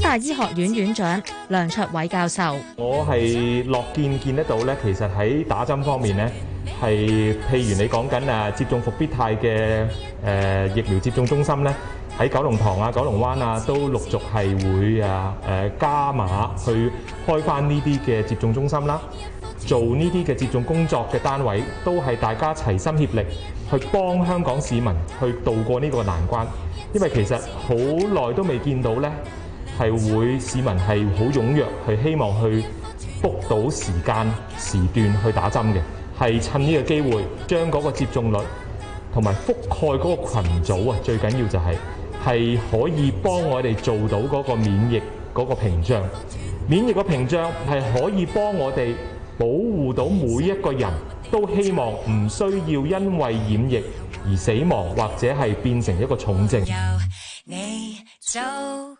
大醫學院院長梁卓偉教授，我係樂見見得到咧。其實喺打針方面咧，係譬如你講緊誒接種復必泰嘅誒疫苗接種中心咧，喺九龍塘啊、九龍灣啊，都陸續係會啊誒加碼去開翻呢啲嘅接種中心啦。做呢啲嘅接種工作嘅單位，都係大家齊心協力去幫香港市民去渡過呢個難關。因為其實好耐都未見到咧。係會市民係好踴躍，係希望去 book 到時間時段去打針嘅，係趁呢個機會，將嗰個接種率同埋覆蓋嗰個群組啊，最緊要就係係可以幫我哋做到嗰個免疫嗰個屏障。免疫個屏障係可以幫我哋保護到每一個人，都希望唔需要因為染疫而死亡，或者係變成一個重症。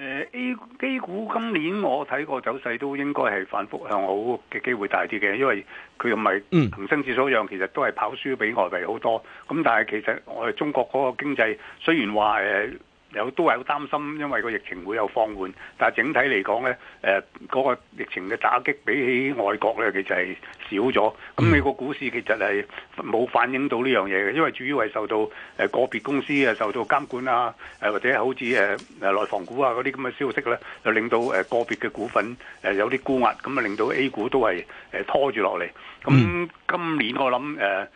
誒、uh, A, A 股今年我睇個走勢都應該係反覆向好嘅機會大啲嘅，因為佢又唔係恆生指數一樣，其實都係跑輸畀外幣好多。咁、嗯、但係其實我哋中國嗰個經濟雖然話誒有都係好擔心，因為個疫情會有放緩，但係整體嚟講呢，嗰、呃嗰個疫情嘅打擊比起外國呢，其實係少咗，咁你個股市其實係冇反映到呢樣嘢嘅，因為主要係受到誒個別公司啊受到監管啊，誒或者好似誒內房股啊嗰啲咁嘅消息咧，就令到誒個別嘅股份誒有啲沽壓，咁啊令到 A 股都係誒拖住落嚟。咁今年我諗誒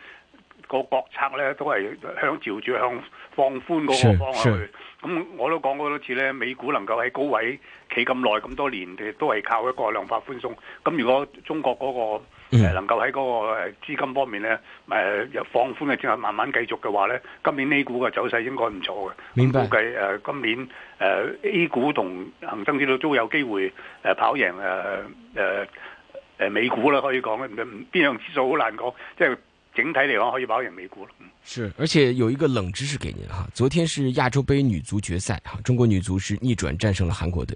個國策咧都係向朝住向放寬嗰個方向去。咁我都講過多次咧，美股能夠喺高位企咁耐咁多年，誒都係靠一個量化寬鬆。咁如果中國嗰個嗯、能夠喺嗰個誒資金方面咧，誒又放寬嘅之後慢慢繼續嘅話咧，今年 A 股嘅走勢應該唔錯嘅。明白。我估計誒、呃、今年誒、呃、A 股同恒生指數都有機會誒跑贏誒誒誒美股啦，可以講咧，唔邊樣指數好難講，即係整體嚟講可以跑贏美股咯。是，而且有一個冷知識給您哈，昨天是亞洲杯女足決賽哈，中國女足是逆轉戰勝了韓國隊。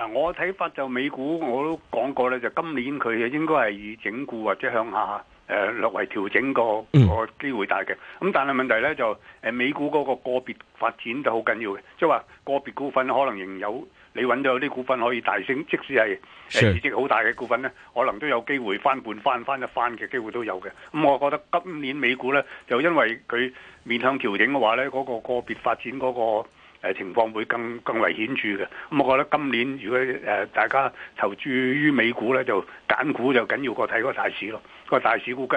啊、我睇法就美股，我都講過咧，就今年佢應該係以整固或者向下，落、呃、略為調整個,個機會大嘅。咁但係問題咧就、呃、美股嗰個個別發展就好緊要嘅，即係話個別股份可能仍有你揾到有啲股份可以大升，即使係誒、呃、市值好大嘅股份咧，可能都有機會翻半翻翻一翻嘅機會都有嘅。咁、嗯、我覺得今年美股咧就因為佢面向調整嘅話咧，嗰、嗰個個別發展嗰、嗰個。誒情況會更更為顯著嘅，咁我覺得今年如果誒大家投注於美股呢，就揀股就緊要過睇個大市囉，個大市估計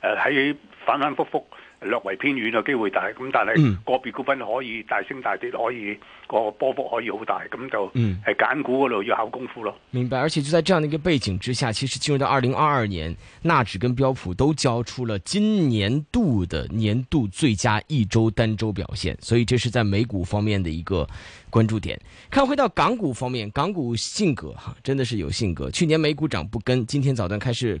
係誒喺反反覆覆。略為偏遠嘅機會大，咁但係個別股份可以大升大跌，可以、嗯、個波幅可以好大，咁就係揀股嗰度要考功夫咯。明白，而且就在這樣的一個背景之下，其實進入到二零二二年，納指跟標普都交出了今年度的年度最佳一週單週表現，所以這是在美股方面嘅一個關注點。看回到港股方面，港股性格哈，真的是有性格。去年美股漲不跟，今天早段開始。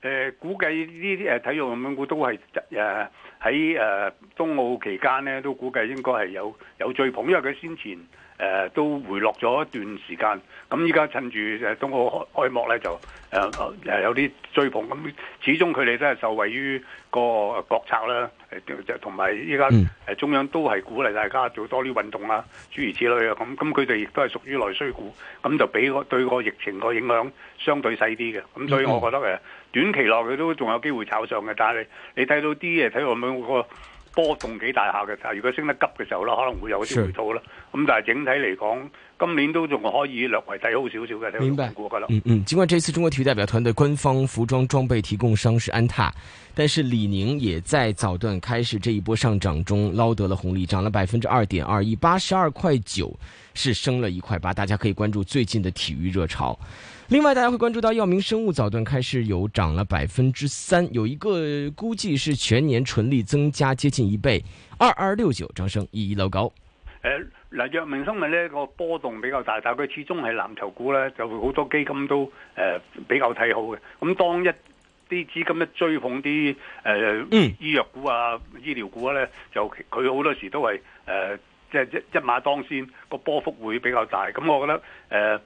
誒、呃，估計呢啲誒體育咁樣股都係誒喺誒冬奧期間咧，都估計應該係有有追捧，因為佢先前誒、呃、都回落咗一段時間。咁依家趁住誒冬奧開幕咧，就誒誒、呃呃、有啲追捧。咁、嗯、始終佢哋真係受惠於個國策啦，誒同埋依家誒中央都係鼓勵大家做多啲運動啦，諸如此類啊。咁咁佢哋亦都係屬於內需股，咁、嗯、就俾對個疫情個影響相對細啲嘅。咁、嗯、所以我覺得誒。嗯 oh. 短期內佢都仲有機會炒上嘅，但係你睇到啲嘢睇咁去個波動幾大下嘅，時候，如果升得急嘅時候咧，可能會有啲回吐啦。咁是但係整體嚟講，今年都仲可以略為睇好少少嘅睇個成個格局。嗯嗯，盡管這次中國體育代表團的官方服裝裝備提供商是安踏，但是李寧也在早段開始這一波上漲中撈得了紅利，漲了百分之二點二，以八十二塊九是升了一塊八。大家可以關注最近的體育熱潮。另外，大家會關注到藥明生物早段開始有漲了百分之三，有一個估計是全年純利增加接近一倍，二二六九，張生一一樓高。誒，嗱，藥明生物呢個波動比較大，但係佢始終係藍籌股咧，就會好多基金都誒比較睇好嘅。咁當一啲資金一追捧啲誒醫藥股啊、醫療股啊咧，就佢好多時都係誒即係一馬當先，個波幅會比較大。咁我覺得誒。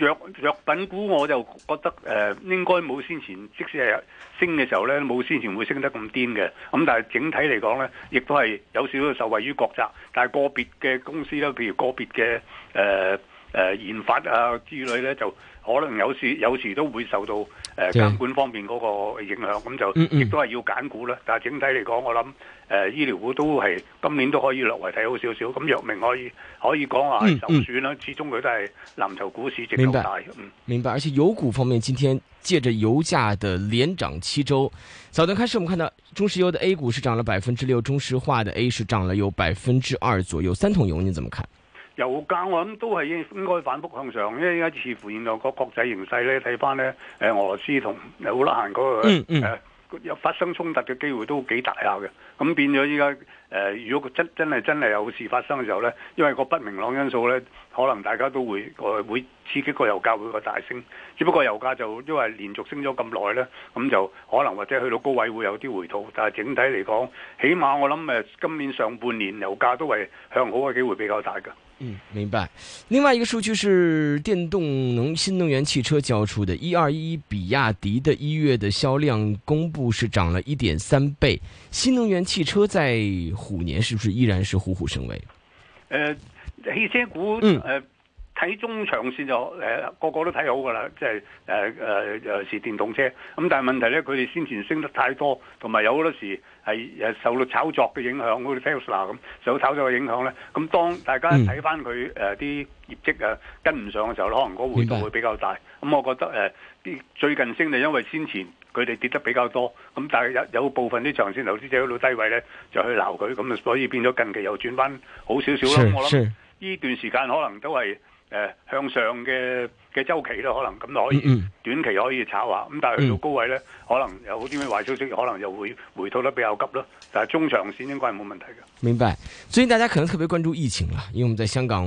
藥藥品股我就覺得誒、呃、應該冇先前，即使係升嘅時候咧，冇先前會升得咁癲嘅。咁、嗯、但係整體嚟講咧，亦都係有少少受惠於國策，但係個別嘅公司咧，譬如個別嘅誒誒研發啊之類咧，就可能有時有時都會受到誒、呃、監管方面嗰個影響，咁就亦都係要揀股啦。但係整體嚟講，我諗。誒、呃、醫療股都係今年都可以略為睇好少少，咁藥明可以可以講話首選啦。嗯嗯、始終佢都係藍籌股市值咁大。明白，嗯、明白。而且油股方面，今天借着油價的連漲七周，早段開始我們看到中石油的 A 股是漲了百分之六，中石化的 A 是漲了有百分之二左右。三桶油，你怎麼看？油價我諗都係應該反覆向上，因為依家似乎現在個國際形勢咧，睇翻呢誒、呃，俄羅斯同烏克蘭嗰個、嗯嗯呃有發生衝突嘅機會都幾大下嘅，咁變咗依家誒，如果真真係真係有事發生嘅時候咧，因為個不明朗因素咧。可能大家都會誒會刺激個油價會個大升，只不過油價就因為連續升咗咁耐呢，咁就可能或者去到高位會有啲回吐，但係整體嚟講，起碼我諗誒今年上半年油價都係向好嘅機會比較大㗎。嗯，明白。另外一個數據是電動能新能源汽車交出的，一二一一，比亞迪的一月的銷量公布是漲了一點三倍。新能源汽車在虎年是不是依然是虎虎生威？誒、呃。.汽車股誒睇、呃、中長線就誒、呃、個個都睇好㗎啦，即係誒誒尤其是電動車。咁、嗯、但係問題咧，佢哋先前升得太多，同埋有好多時係誒受到炒作嘅影響，好似 Tesla 咁受到炒作嘅影響咧。咁、嗯嗯、當大家睇翻佢誒啲業績啊跟唔上嘅時候，可能個回報會比較大。咁嗎、嗯、我覺得誒、呃、最近升就因為先前佢哋跌得比較多，咁、嗯、但係有有部分啲長線投資者喺度低位咧就去鬧佢，咁啊所以變咗近期又轉翻好少少啦。我諗。呢段時間可能都係誒、呃、向上嘅嘅週期咯，可能咁就可以、嗯嗯、短期可以炒下，咁但係去到高位咧，嗯、可能有啲咩壞消息，可能就會回吐得比較急咯。但係中長線應該係冇問題嘅。明白。最近大家可能特別關注疫情啦，因為我們在香港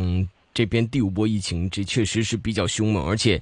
這邊第五波疫情，這確實是比較凶猛，而且。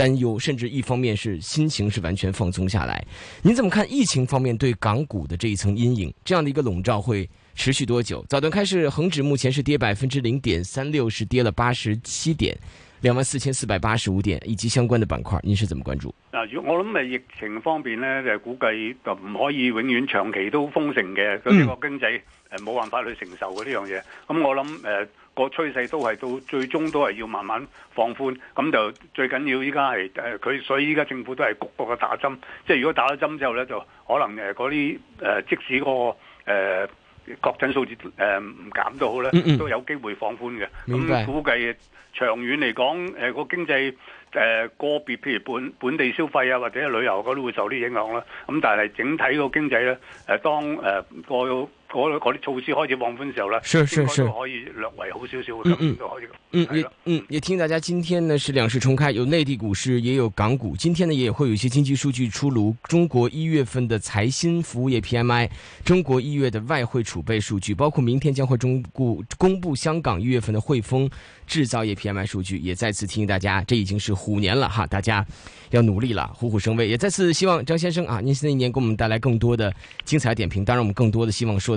擔憂，但甚至一方面是心情是完全放鬆下來。您怎麼看疫情方面對港股的這一層陰影，這樣的一個籠罩會持續多久？早段開市，恒指目前是跌百分之零點三六，是跌了八十七點，兩萬四千四百八十五點，以及相關的板塊，您是怎麼關注？我諗疫情方面呢，就估計就唔可以永遠長期都封城嘅，咁呢、嗯、個經濟冇、呃、辦法去承受嘅呢樣嘢。咁、嗯、我諗誒。呃個趨勢都係到最終都係要慢慢放寬，咁就最緊要依家係誒佢，所以依家政府都係局部嘅打針，即係如果打咗針之後咧，就可能嗰啲誒即使、個誒、呃、確診數字誒唔、呃、減都好咧，都有機會放寬嘅。咁、嗯嗯、估計長遠嚟講，誒、呃、個經濟誒、呃、個別譬如本本地消費啊，或者旅遊嗰都會受啲影響啦。咁、嗯、但係整體個經濟咧，當當誒個。呃嗰嗰啲措施開始放寬時候咧，是是是應該就可以略為好少少。嗯就可以。嗯，了嗯，嗯，也嗯也提醒大家今天呢是兩市重開，有內地股市，也有港股。今天呢也會有一些經濟數據出爐，中國一月份的財新服務業 PMI，中國一月的外匯儲備數據，包括明天將會中固公布香港一月份的匯豐製造業 PMI 數據。也再次提醒大家，這已經是虎年了哈，大家要努力了，虎虎生威。也再次希望張先生啊，您新的一年給我們帶來更多的精彩的點評。當然，我們更多的希望說。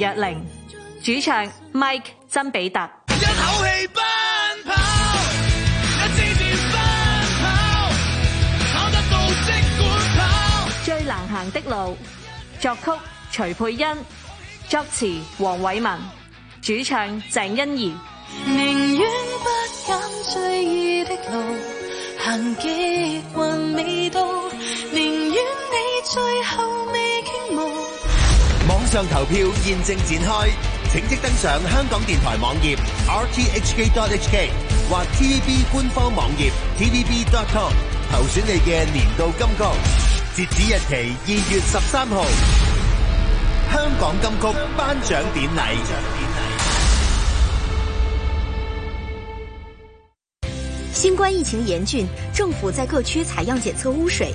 一零，主唱 Mike 曾比特，一口氣奔跑，跑得到即管跑，最難行的路，作曲徐沛欣，作詞黃偉文，主唱鄭欣宜。投票現正展開，請即登上香港電台網頁 rthk.hk 或 TVB 官方網頁 tvb.com 投選你嘅年度金曲，截止日期二月十三號。香港金曲頒獎典禮。新冠疫情嚴峻，政府在各區採樣檢測污水。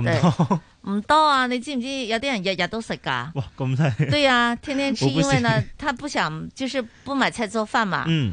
唔多，唔多啊！你知唔知有啲人日日都食㗎？哇，咁犀！ 對啊，天天吃，因為呢，他不想，就是不買菜做飯嘛。嗯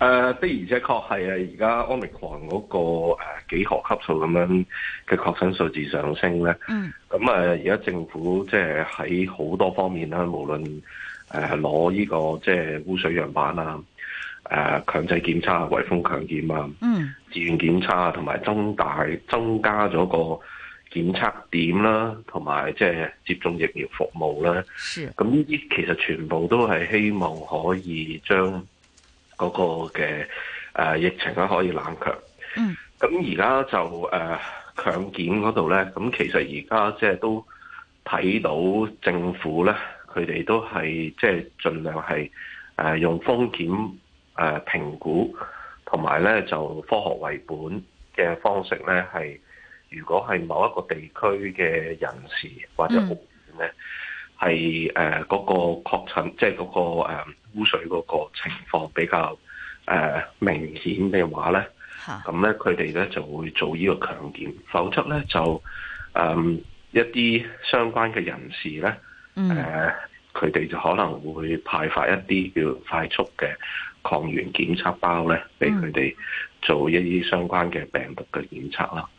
誒、呃、的而且確係啊！而家 Omicron 嗰個、呃、幾何級數咁樣嘅確診數字上升咧，嗯，咁啊、嗯，而家政府即係喺好多方面啦，無論誒攞呢個即係污水樣板啊，誒、呃、強制檢測啊，圍封強檢啊，嗯，自願檢測啊，同埋增大增加咗個檢測點啦，同埋即係接種疫苗服務啦。咁呢啲其實全部都係希望可以將嗰個嘅、呃、疫情咧可以冷卻，咁而家就誒、呃、強檢嗰度咧，咁其實而家即係都睇到政府咧，佢哋都係即係盡量係誒、呃、用風險誒評估，同埋咧就科學為本嘅方式咧，係如果係某一個地區嘅人士或者屋苑呢，係誒嗰個確診，即係嗰個、呃污水嗰個情況比較誒明顯嘅話咧，咁咧佢哋咧就會做呢個強檢，否則咧就誒、嗯、一啲相關嘅人士咧，誒佢哋就可能會派發一啲叫快速嘅抗原檢測包咧，俾佢哋做一啲相關嘅病毒嘅檢測咯。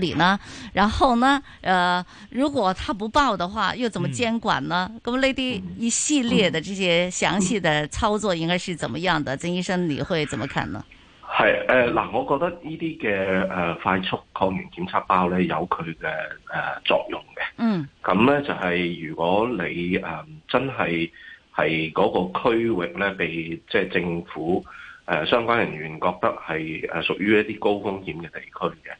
你呢？然後呢？呃，如果他不報的話，又怎麼監管呢？咁呢啲一系列的這些詳細的操作應該是怎麼樣的？嗯嗯、曾醫生你會怎麼看呢？係誒嗱，我覺得呢啲嘅誒快速抗原檢測包咧有佢嘅誒作用嘅。嗯。咁咧就係如果你誒、呃、真係係嗰個區域咧被即係、就是、政府誒、呃、相關人員覺得係誒屬於一啲高風險嘅地區嘅。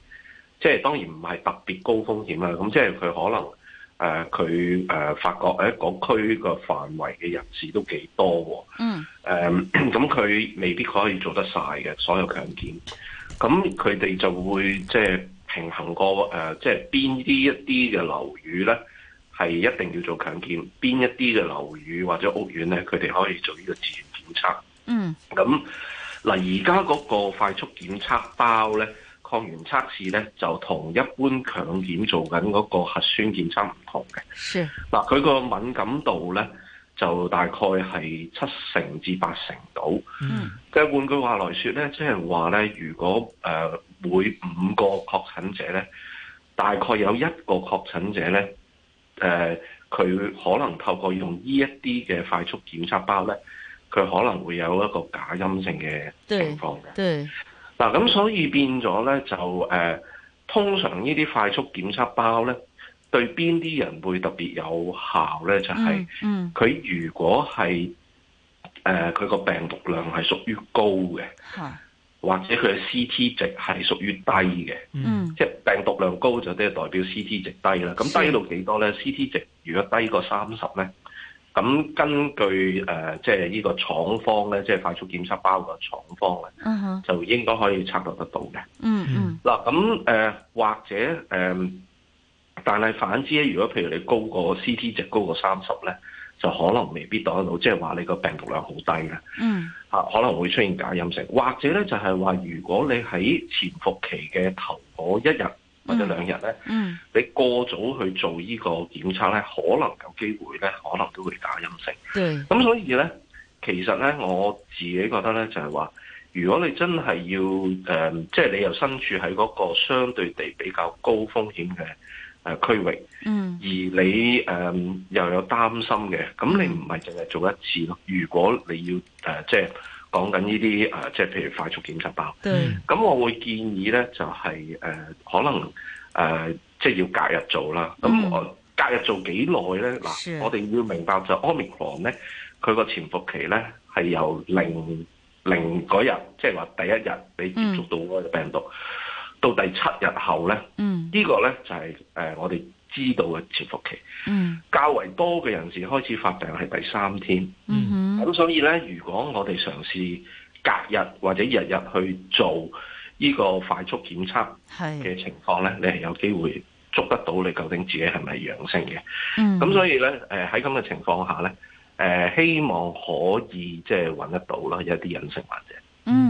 即係當然唔係特別高風險啦，咁即係佢可能誒佢誒發覺嗰區個範圍嘅人士都幾多喎。嗯。誒、呃，咁佢未必可以做得晒嘅所有強檢。咁佢哋就會即係平衡過誒、呃，即係邊啲一啲嘅樓宇咧係一定要做強檢，邊一啲嘅樓宇或者屋苑咧，佢哋可以做呢個自然檢測。嗯。咁嗱，而家嗰個快速檢測包咧。抗原測試咧，就同一般強檢做緊嗰個核酸檢測唔同嘅。是。嗱，佢個敏感度咧，就大概係七成至八成到。嗯。即係換句話來說咧，即係話咧，如果誒、呃、每五個確診者咧，大概有一個確診者咧，誒、呃、佢可能透過用呢一啲嘅快速檢測包咧，佢可能會有一個假陰性嘅情況嘅。對。嗱，咁、啊、所以變咗咧，就誒、呃、通常呢啲快速檢測包咧，對邊啲人會特別有效咧？就係，嗯，佢如果係誒佢個病毒量係屬於高嘅，或者佢嘅 CT 值係屬於低嘅，嗯，即係病毒量高就即係代表 CT 值低啦，咁低到幾多咧的？CT 值如果低過三十咧？咁根據誒，即係呢個廠方咧，即、就、係、是、快速檢測包個廠方咧，uh huh. 就應該可以策略得到嘅。嗯嗯、mm。嗱、hmm.，咁、呃、誒或者誒、呃，但係反之咧，如果譬如你高過 CT 值高過三十咧，就可能未必當得到，即係話你個病毒量好低嘅。嗯、mm。Hmm. 可能會出現假陰性或者咧就係話，如果你喺潛伏期嘅頭嗰一日。或者兩日咧，嗯嗯、你過早去做呢個檢測咧，可能有機會咧，可能都會打陰性。咁對所以咧，其實咧，我自己覺得咧，就係、是、話，如果你真係要誒，即、呃、係、就是、你又身處喺嗰個相對地比較高風險嘅誒、呃、區域，嗯，而你、呃、又有擔心嘅，咁你唔係淨係做一次咯。嗯、如果你要誒，即、呃、係。就是講緊呢啲誒，即係譬如快速檢測包。咁對我會建議咧，就係、是、誒、呃，可能誒、呃，即係要隔日做啦。咁、嗯、我隔日做幾耐咧？嗱是，我哋要明白就 Omicron 咧，佢個潛伏期咧係由零零嗰日，即係話第一日你接觸到個病毒，嗯、到第七日後咧，嗯、個呢個咧就係、是、誒、呃、我哋知道嘅潛伏期。嗯、較為多嘅人士開始發病係第三天。嗯嗯咁所以咧，如果我哋嘗試隔日或者日日去做呢個快速檢測嘅情況咧，是你係有機會捉得到你究竟自己係咪陽性嘅。咁、嗯、所以咧，誒喺咁嘅情況下咧，誒、呃、希望可以即係揾得到囉，有一啲隱性患者。嗯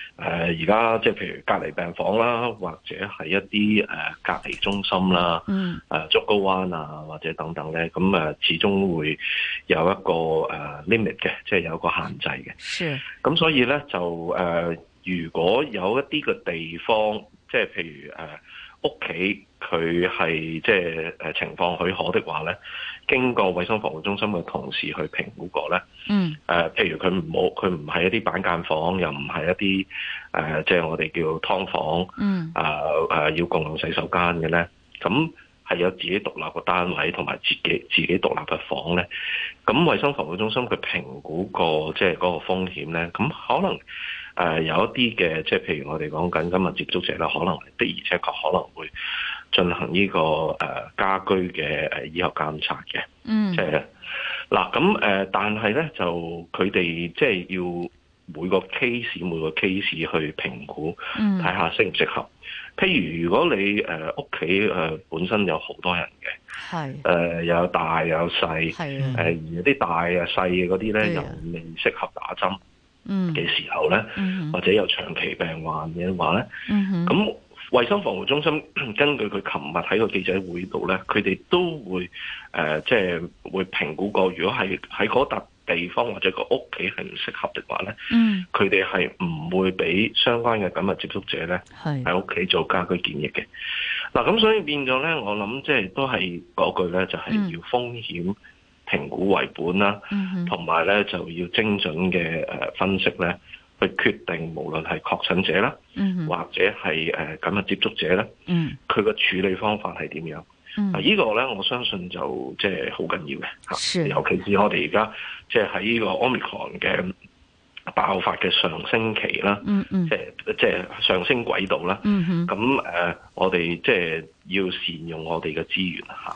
誒而家即係譬如隔離病房啦，或者係一啲誒隔離中心啦，嗯，誒竹篙灣啊，或者等等咧，咁誒始終會有一個誒 limit 嘅，即係有個限制嘅。咁 Sure. 所以咧就誒，如果有一啲嘅地方，即係譬如誒屋企佢係即係誒情況許可的話咧。經過衛生防護中心嘅同事去評估過咧、嗯呃，譬如佢唔冇，佢唔係一啲板間房，又唔係一啲即係我哋叫劏房、嗯呃呃，要共用洗手間嘅咧，咁係有自己獨立個單位同埋自己自己獨立嘅房咧，咁衛生防護中心佢評估過即係嗰個風險咧，咁可能、呃、有一啲嘅，即係譬如我哋講緊今日接觸者咧，可能的而且確可能會。進行呢個誒家居嘅誒醫學監察嘅，嗯，即係嗱咁誒，但係咧就佢哋即係要每個 case 每個 case 去評估，睇、嗯、下適唔適合。譬如如果你誒屋企誒本身有好多人嘅，係誒又有大又有細，係誒、啊、而有啲大小啊細嘅嗰啲咧又未適合打針，嘅時、嗯、時候咧，嗯、哼或者有長期病患嘅話咧，嗯咁哼。衛生防護中心根據佢琴日喺個記者會度咧，佢哋都會誒，即、呃、係、就是、會評估過，如果係喺嗰笪地方或者個屋企係唔適合的話咧，嗯，佢哋係唔會俾相關嘅緊密接觸者咧喺屋企做家居檢疫嘅。嗱的，咁、啊、所以變咗咧，我諗即係都係嗰句咧，就係、是、要風險評估為本啦，同埋咧就要精準嘅誒分析咧。去決定無論係確診者啦，或者係誒噉嘅接觸者咧，佢個、mm hmm. 處理方法係點樣？嗱、mm，依、hmm. 啊呢個咧，我相信就即係好緊要嘅嚇，是尤其是我哋而家即係喺依個 Omicron 嘅爆發嘅上升期啦，即係即係上升軌道啦。咁誒、mm hmm. 啊，我哋即係要善用我哋嘅資源嚇。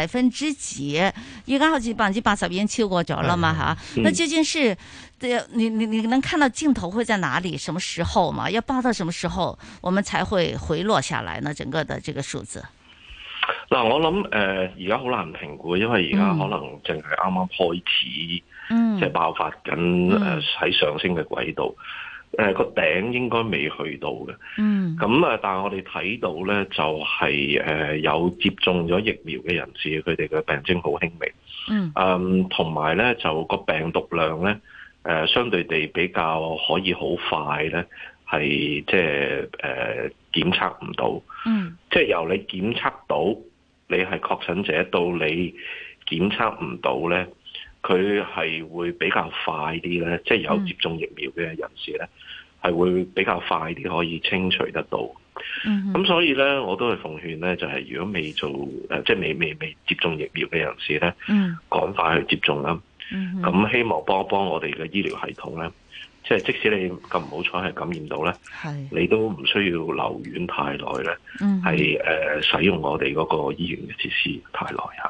百分之幾，而家好似百分之八十已經超過咗啦嘛，哈的，那究竟是，嗯、你你你能看到盡頭會在哪裏，什麼時候嘛？要爆到什麼時候，我們才會回落下來呢？整個的這個數字，嗱、嗯，我諗誒，而家好難評估，因為而家可能淨係啱啱開始，即係、嗯、爆發緊，誒喺上升嘅軌道。誒個頂應該未去到嘅，嗯，咁啊，但係我哋睇到咧，就係誒有接種咗疫苗嘅人士，佢哋嘅病徵好輕微，嗯，誒同埋咧就個病毒量咧，誒、呃、相對地比較可以好快咧，係即係誒檢測唔到，嗯，即係由你檢測到你係確診者，到你檢測唔到咧。佢係會比較快啲咧，即係有接種疫苗嘅人士咧，嗯，係會比較快啲可以清除得到。嗯哼，咁所以咧，我都係奉勸咧，就係如果未做，誒，即係未未未接種疫苗嘅人士咧，嗯，趕快去接種啦。嗯哼，咁希望幫幫我哋嘅醫療系統咧，即係即使你咁唔好彩係感染到咧，係，你都唔需要留院太耐咧，嗯哼，係誒使用我哋嗰個醫院嘅設施太耐啊。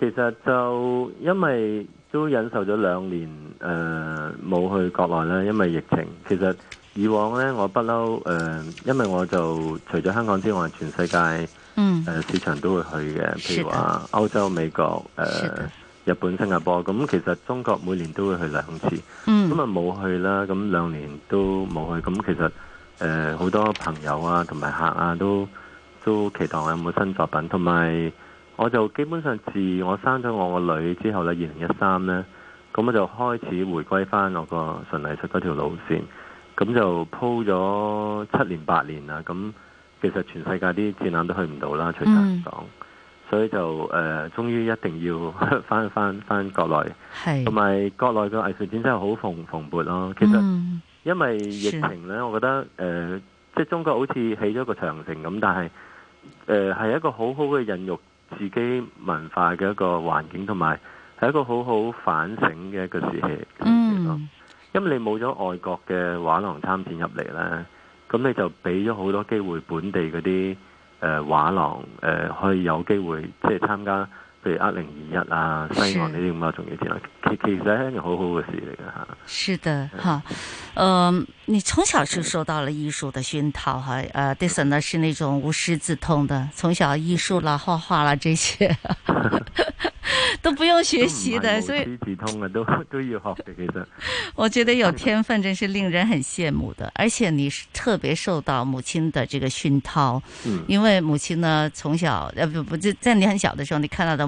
其實就因為都忍受咗兩年誒冇、呃、去國內啦，因為疫情。其實以往呢，我不嬲誒，因為我就除咗香港之外，全世界、呃、市場都會去嘅，譬如話歐洲、美國、誒、呃、的日本、新加坡。咁其實中國每年都會去兩次，咁啊冇去啦，咁兩年都冇去。咁其實誒好、呃、多朋友啊同埋客啊都都期待我有冇新作品，同埋。我就基本上自我生咗我個女之後咧，二零一三咧，咁我就開始回歸翻我個純藝術嗰條路綫，咁就鋪咗七年八年啦。咁其實全世界啲展覽都去唔到啦，除香港，嗯、所以就誒、呃，終於一定要翻翻翻國內，同埋是國內嘅藝術展真係好蓬蓬勃咯。其實因為疫情咧，我覺得誒、呃，即係中國好似起咗個長城咁，但係誒係一個好好嘅孕育。自己文化嘅一個環境同埋係一個好好反省嘅一個時期，嗯，因為你冇咗外國嘅畫廊參展入嚟咧，咁你就俾咗好多機會本地嗰啲誒畫廊誒可以有機會即係參加。.譬如二零二一啊，西岸呢啲咁啊，仲要其實係一件好好嘅事嚟嘅吓。是的，哈，嗯，你從小是受到了藝術的熏陶，哈，啊，狄森呢是那種無師自通的，從小藝術啦、畫畫啦這些，都不用學習的，所以我覺得有天分真是令人很羨慕的，而且你是特別受到母親的這個熏陶，因為母親呢從小，誒，不不，就在你很小的時候，你看到的。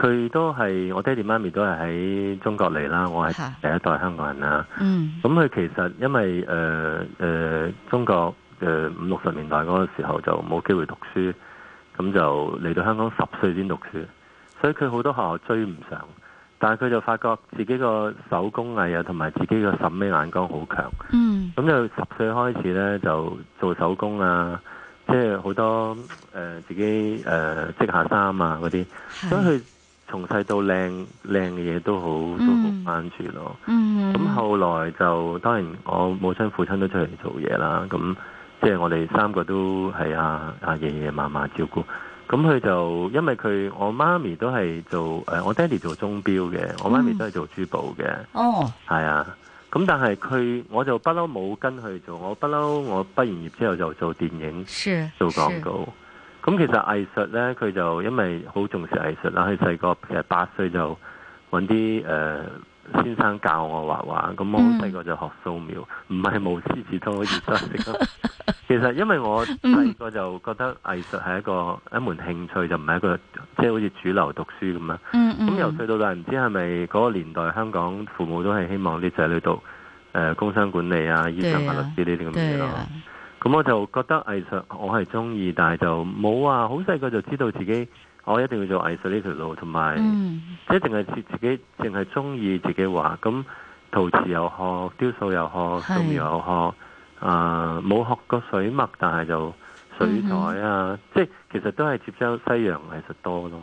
佢都係我爹哋媽咪都係喺中國嚟啦，我係第一代香港人啦。咁佢、嗯、其實因為誒誒、呃呃、中國、呃、五六十年代嗰個時候就冇機會讀書，咁就嚟到香港十歲先讀書，所以佢好多學校追唔上，但係佢就發覺自己個手工藝啊同埋自己個審美眼光好強。咁、嗯、就十歲開始咧就做手工啊，即係好多誒、呃、自己誒織、呃、下衫啊嗰啲，所以佢，從細到靚靚嘅嘢都好、嗯、都好關注咯，咁、嗯嗯、後來就當然我母親父親都出嚟做嘢啦，咁即係我哋三個都係阿阿爺爺嫲嫲照顧，咁佢就因為佢我媽咪都係做誒我爹哋做鐘錶嘅，我媽咪都係做、啊、做，做珠寶嘅，係、嗯、啊，咁但係佢我就不嬲冇跟佢做，我不嬲我畢完業之後就做電影，是做廣告。咁其實藝術咧，佢就因為好重視藝術啦。佢細個其實八歲就揾啲誒先生教我畫畫。咁我細個就學素描，唔係、嗯、無師自通好似真係。其實因為我細個就覺得藝術係一個、嗯、一門興趣就係，就唔係一個即係好似主流讀書咁樣。咁、嗯嗯、由細到大，唔知係咪嗰個年代香港父母都係希望啲仔女讀誒、呃、工商管理啊、醫生法律啲呢啲咁嘅嘢咯。咁我就覺得藝術我係中意，但係就冇話好細個就知道自己我一定要做藝術呢條路，同埋、嗯、即係淨係自己淨係中意自己畫咁，陶瓷又學，雕塑又學，咁又學，啊冇是、呃、學過水墨，但係就水彩啊，嗯、哼即係其實都係接收西洋藝術多咯。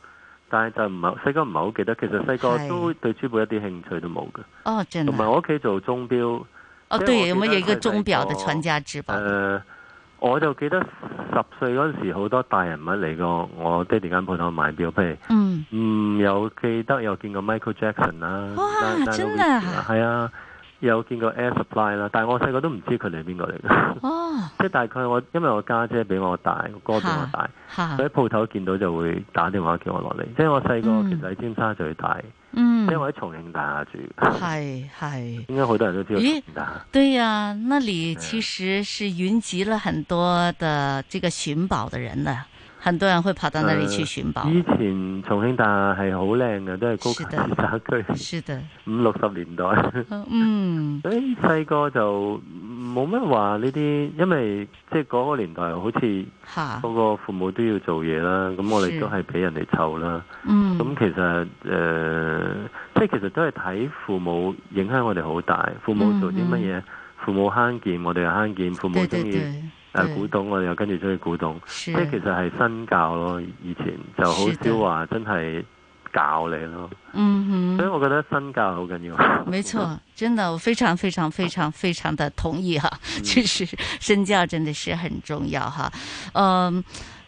但係就唔係，細個唔係好記得。其實細個都對珠寶一啲興趣都冇嘅。哦，同埋我屋企做鐘錶。哦，對，有冇有一個鐘錶嘅傳家之寶？誒、呃，我就記得十歲嗰陣時候，好多大人物嚟過我爹哋間鋪頭買錶，譬如嗯，有、嗯、記得有見過 Michael Jackson 啦。哇，D ada 真係係啊！有見過 Air Supply 啦，但係我細個都唔知佢哋係邊個嚟嘅。哦，即係大概我因為我家姐,姐比我大，個哥比我大，佢喺鋪頭見到就會打電話叫我落嚟。即、就、係、是、我細個其實喺尖沙咀大，因、mm. 我喺重慶大廈住。係係、mm. 應該好多人都知道重慶大廈。咦？對呀、啊，那裡其實是雲集了很多的這個尋寶的人的。很多人會跑到那裏去尋寶、呃。以前重慶大廈係好靚嘅，都係高級住宅區。五六十年代。啊、嗯，誒，細個就冇咩話呢啲，因為即係嗰個年代，好似嗰個父母都要做嘢啦，咁哈我哋都係俾人哋湊啦。是那嗯，咁其實誒，即、就、係、是、其實都係睇父母影響我哋好大。父母做啲乜嘢，父母慳儉，我哋又慳儉，父母中意。誒，古董我哋又跟住出去古董，即係是其實係身教咯。以前就好少話真係教你咯，嗯、哼所以我覺得身教好緊要。沒錯， 真的我非常非常非常非常的同意哈，確實、嗯、身教真的是很重要哈，嗯、um。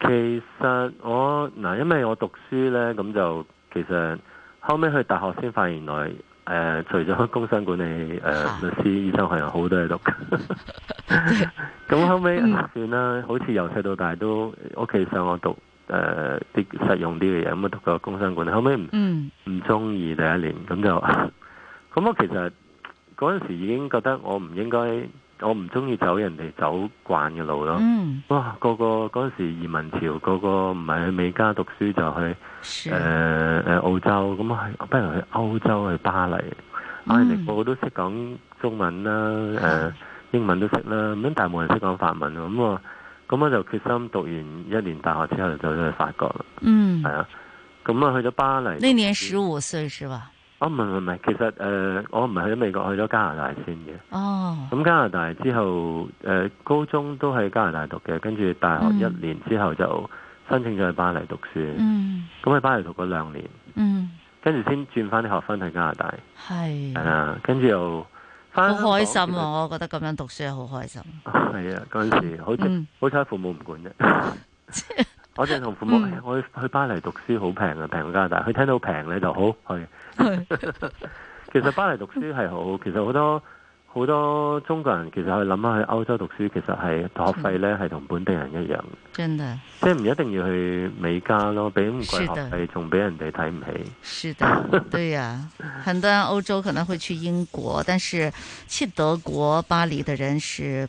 其實我嗱，因為我讀書呢，咁就其實後尾去大學先發現，原來誒、呃，除咗工商管理、誒、呃、律師、醫生係有好多嘢讀。咁 後尾，算啦，好似由細到大都屋企上我讀誒啲、呃、實用啲嘅嘢，咁啊讀個工商管理。後尾唔唔中意第一年，咁就咁我其實嗰陣時已經覺得我唔應該。我唔中意走人哋走慣嘅路咯。嗯、哇，個個嗰陣時移民潮，個個唔係去美加讀書就去誒誒是、呃、澳洲。咁啊，不如去歐洲去巴黎。我哋、嗯哎、個個都識講中文啦，誒、呃、英文都識啦，咁、啊、但係冇人識講法文咯。咁啊，咁我就決心讀完一年大學之後就走咗去法國啦。嗯，係啊。咁啊，去咗巴黎。呢年十五歲，是吧？哦，唔係唔係，其實誒、呃，我唔係去咗美國，去咗加拿大先嘅。哦，咁、嗯、加拿大之後誒、呃，高中都喺加拿大讀嘅，跟住大學一年之後就申請咗去巴黎讀書。嗯，咁喺巴黎讀嗰兩年。嗯，跟住先轉翻啲學分去加拿大。係是。係啊，跟住又翻。好開心啊！樣我覺得咁樣讀書好開心。係啊、 嗯，嗰時好，好彩父母唔管啫。我淨係同父母，我去巴黎讀書好平啊，平過加拿大。佢聽到平咧就好，去 其實巴黎讀書係好，其實好多好 多中國人其實去諗下去歐洲讀書，其實係學費咧係同本地人一樣。真的，即係唔一定要去美加咯，俾咁貴學費仲俾人哋睇唔起。是的， 對呀、啊。很多人歐洲可能會去英國，但是去德國、巴黎的人是。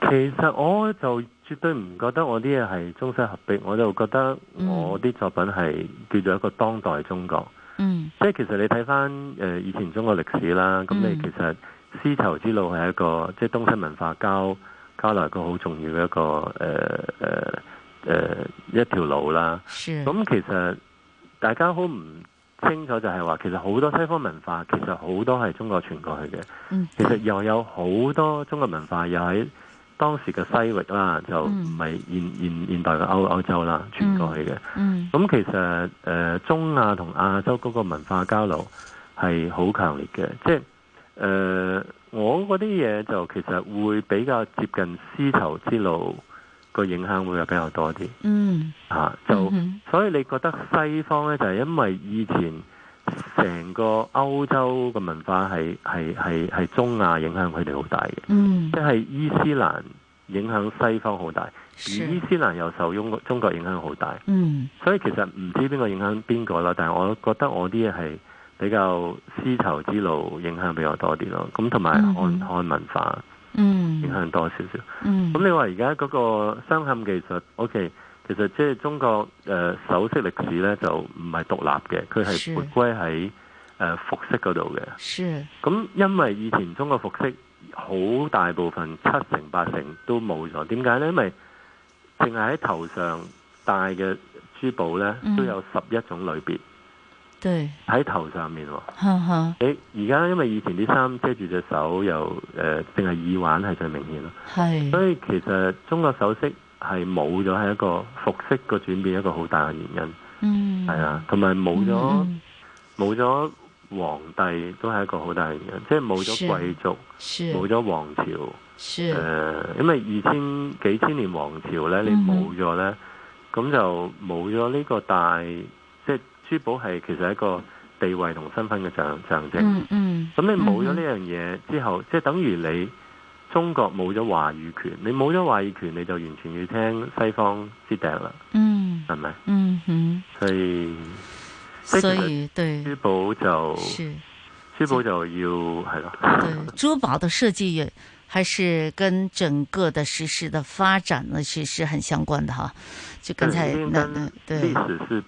其實我就絕對唔覺得我啲嘢係中西合璧，我就覺得我啲作品係叫做一個當代中國。嗯，即係其實你睇返誒以前中國歷史啦，咁、嗯、你其實絲綢之路係一個即係、就是、東西文化交交流個好重要嘅一個誒誒誒一條路啦。咁是其實大家好唔清楚就係話，其實好多西方文化其實好多係中國傳過去嘅。嗯，其實又有好多中國文化又喺。當時嘅西域啦，就唔係現現現代嘅歐歐洲啦，傳過去嘅。咁其實誒、呃、中亞同亞洲嗰個文化交流係好強烈嘅，即係誒、呃、我嗰啲嘢就其實會比較接近絲綢之路個影響會比較多啲。嗯，啊就所以你覺得西方呢，就係、是、因為以前。成個歐洲嘅文化係係係係中亞影響佢哋好大嘅，嗯，即係伊斯蘭影響西方好大，是而伊斯蘭又受中中國影響好大。嗯，所以其實唔知邊個影響邊個啦，但係我覺得我啲嘢係比較絲綢之路影響比較多啲咯。咁同埋漢漢文化，嗯，影響多少少。咁你話而家嗰個鑲嵌技術其實，ok。其實即係中國誒、呃、首飾歷史咧就唔係獨立嘅，佢係回歸喺誒服飾嗰度嘅。咁是因為以前中國服飾好大部分七成八成都冇咗，點解呢？因為淨係喺頭上戴嘅珠寶呢，嗯、都有十一種類別。對，喺頭上面。吓，而家因為以前啲衫遮住隻手又，又誒淨係耳環係最明顯咯。係是，所以其實中國首飾。係冇咗，係一個服飾嘅轉變，一個好大嘅原因。嗯，係啊，同埋冇咗冇咗皇帝都係一個好大嘅原因，是即係冇咗貴族，冇咗是皇朝。誒是、呃，因為二千幾千年皇朝咧，你冇咗咧，咁、嗯、就冇咗呢個大，即、就、係、是、珠寶係其實係一個地位同身份嘅象象徵、嗯。嗯，咁你冇咗呢樣嘢之後，嗯、即係等於你。中國冇咗話語權，你冇咗話語權，你就完全要聽西方之定啦。嗯，係咪吧？嗯哼，所以所以，所以對，珠寶就是珠寶就要係咯。就對，了對，珠寶的設計也還是跟整個的時事的發展呢，是是很相關的哈。就剛才、嗯、那對歷史是。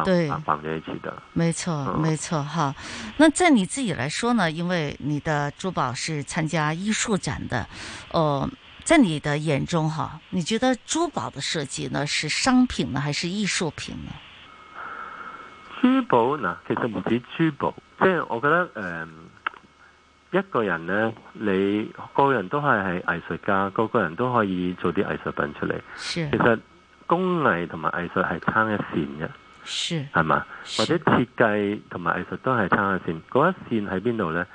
對，綁在一起的，沒錯，沒錯哈。那在你自己來說呢？因為你的珠寶是參加藝術展的，呃，在你的眼中哈，你覺得珠寶的設計呢是商品呢，還是藝術品呢？珠寶呢，其實唔止珠寶，即係我覺得，誒，呃，一個人呢，你個人都係係藝術家，個個人都可以做啲藝術品出嚟。是。其實工藝同埋藝術係撐一線嘅。係嘛？或者設計同埋藝術都係差一線。嗰一線喺邊度咧？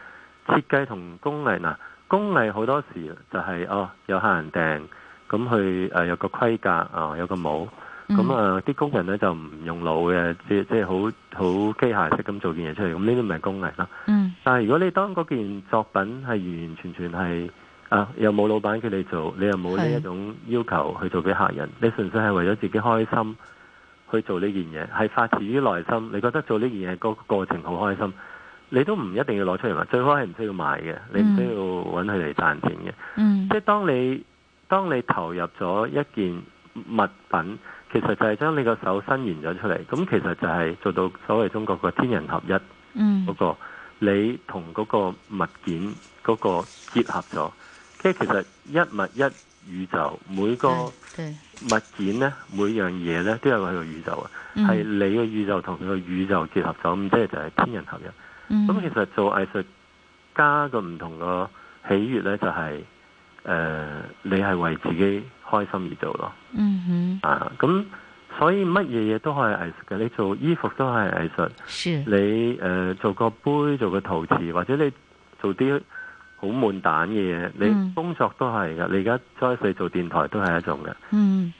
設計同工藝嗱，工藝好多時就係哦，有客人訂，咁去誒有個規格，哦有個模，咁啊啲工人咧就唔用腦嘅，即即係好好機械式咁做件嘢出嚟。咁呢啲唔係工藝啦。嗯。但係如果你當嗰件作品係完完全全係啊，又冇老闆叫你做，你又冇呢一種要求去做俾客人，你純粹係為咗自己開心。去做呢件嘢係發自於內心，你覺得做呢件嘢個過程好開心，你都唔一定要攞出嚟賣，最好係唔需要買嘅，你唔需要揾佢嚟賺錢嘅。Mm. 即係當你當你投入咗一件物品，其實就係將你個手伸延咗出嚟，咁其實就係做到所謂中國個天人合一嗰、那個，mm. 你同嗰個物件嗰個結合咗，即係其實一物一宇宙，每個。物件呢，每樣嘢呢都有佢個宇宙啊，係、mm hmm. 你嘅宇宙同佢個宇宙結合咗，咁即係就係、是、天人合一。咁、mm hmm. 其實做藝術家嘅唔同嘅喜悅呢，就係、是、誒、呃、你係為自己開心而做咯。嗯哼、mm。Hmm. 啊，咁所以乜嘢嘢都可以藝術嘅，你做衣服都係藝術，是你誒、呃、做個杯、做個陶瓷，或者你做啲。好悶蛋嘅嘢，你工作都係噶，你而家齋係做電台都係一種嘅。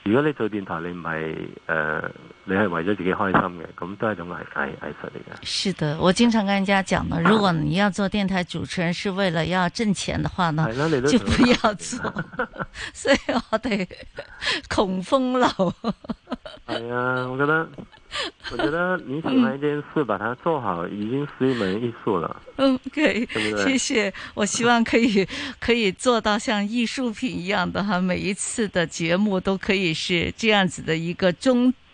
如果你做電台，你唔係誒。呃你係為咗自己開心嘅，咁都係一種藝藝藝術嚟嘅。是的，我經常跟人家講啦，如果你要做電台主持人，是為了要掙錢的話呢，呢 就不要做。 所以我哋窮風流。係啊，我覺得，我覺得，你喜歡一件事，把它做好，已經是一門藝術了，嗯，可以 Okay,，謝謝 我希望可以可以做到像藝術品一樣的哈，每一次的節目都可以是這樣子的一個中。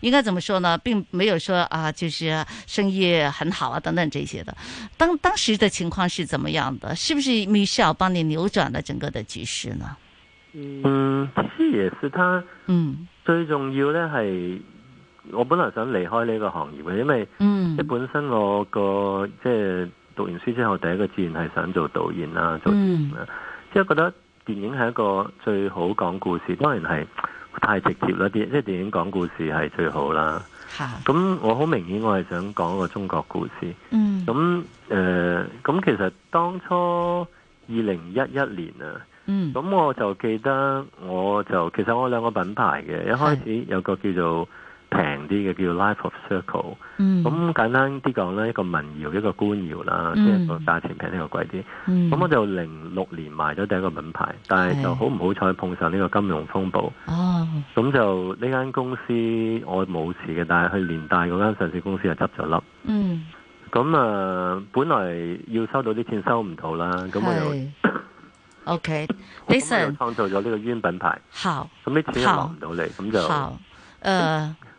應該怎麼說呢？並沒有說啊，就是生意很好啊，等等這些的。當當時的情況是怎麼樣的？是不是 Michelle 幫你扭轉了整個的局勢呢？嗯，其實也是，他嗯最重要呢係，嗯、我本來想離開呢個行業嘅，因為嗯，即本身我個即、嗯、讀完書之後第一個志願係想做導演啦，做啲咁樣，嗯、即覺得電影係一個最好講故事，當然係。太直接啦啲，即係電影講故事係最好啦。咁我好明顯我係想講一個中國故事。咁誒、嗯、咁、呃、其實當初二零一一年啊，咁、嗯、我就記得，我就其實我兩個品牌嘅，一開始有個叫做。平啲嘅叫 Life of Circle，咁簡單啲講呢，一個民謠一個官謠啦，即係個價錢平啲，個貴啲。咁我就零六年賣咗第一個品牌，但係就好唔好彩碰上呢個金融風暴。哦，咁就呢間公司我冇事嘅，但係佢連帶嗰間上市公司就執咗笠。嗯，咁啊，本來要收到啲錢收唔到啦，咁我就 OK，你又創造咗呢個冤品牌。好，咁啲錢又落唔到嚟，咁就，誒。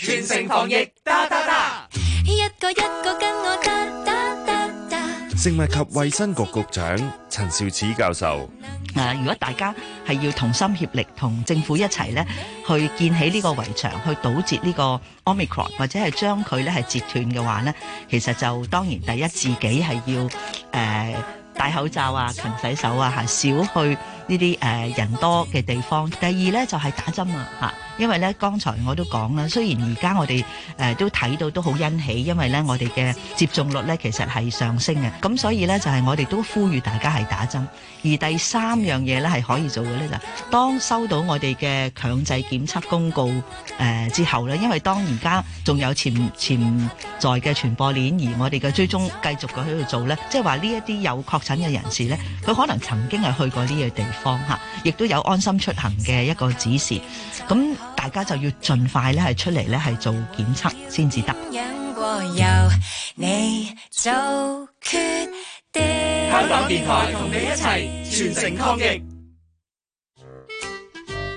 全城防疫，噠噠噠！一個一個跟我噠噠噠噠。食物及衛生局局長陳肇始教授，嗱、呃，如果大家係要同心協力，同政府一齊咧，去建起呢個圍牆，去堵截呢個 Omicron，或者係將佢咧係截斷嘅話咧，其實就當然第一自己係要誒、呃、戴口罩啊、勤洗手啊、吓少去呢啲誒人多嘅地方。第二咧就係、是、打針啊，吓。因為咧，剛才我都講啦，雖然而家我哋誒都睇到都好欣喜，因為咧我哋嘅接種率咧其實係上升嘅，咁所以咧就係我哋都呼籲大家係打針。而第三樣嘢咧係可以做嘅咧就係當收到我哋嘅強制檢測公告誒之後咧，因為當而家仲有潛潛在嘅傳播鏈，而我哋嘅追蹤繼續嘅喺度做咧，即係話呢一啲有確診嘅人士咧，佢可能曾經係去過呢個地方嚇，亦都有安心出行嘅一個指示，咁。大家就要盡快咧，係出嚟咧，係做檢測先至得。香港電台同你一齊全城抗疫。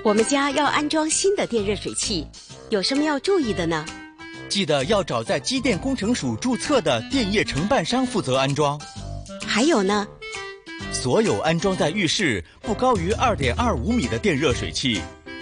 我們家要安裝新的電熱水器，有什麼要注意的呢？記得要找在機電工程署註冊的電業承辦商負責安裝。還有呢？所有安裝在浴室不高於二點二五米的電熱水器。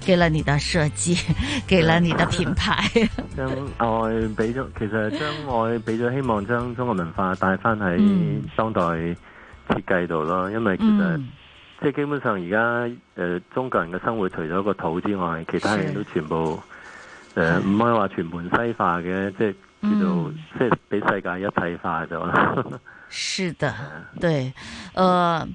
給了你的設計，給了你的品牌。 嗯、 將愛俾咗，其實將愛俾咗，希望將中國文化帶翻喺當代設計度咯。因為其實、嗯、即係基本上而家誒中國人嘅生活除咗個土之外，其他人都全部誒唔是、呃、可以話全盤西化嘅，即係叫做即係俾世界一體化咗。嗯、 是的，對，誒、呃。嗯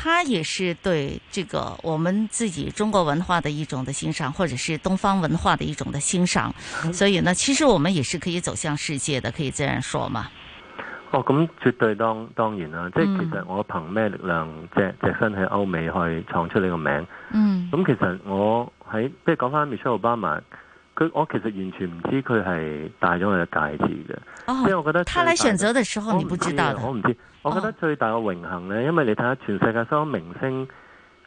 他也是對這個我們自己中國文化的一種的欣賞，或者是東方文化的一種的欣賞，所以呢，其實我們也是可以走向世界的，可以這樣說嘛。哦，咁絕對當當然啦，即係、嗯、其實我憑咩力量，隻身喺歐美去創出呢個名？嗯，咁其實我喺即係講翻米歇爾奧巴馬。佢我其實完全唔知佢係戴咗佢嘅戒指嘅，即係、哦、我覺得。他來選擇的時候你的，你唔知道。我唔知，哦、我覺得最大嘅榮幸呢，因為你睇下全世界所有明星，誒、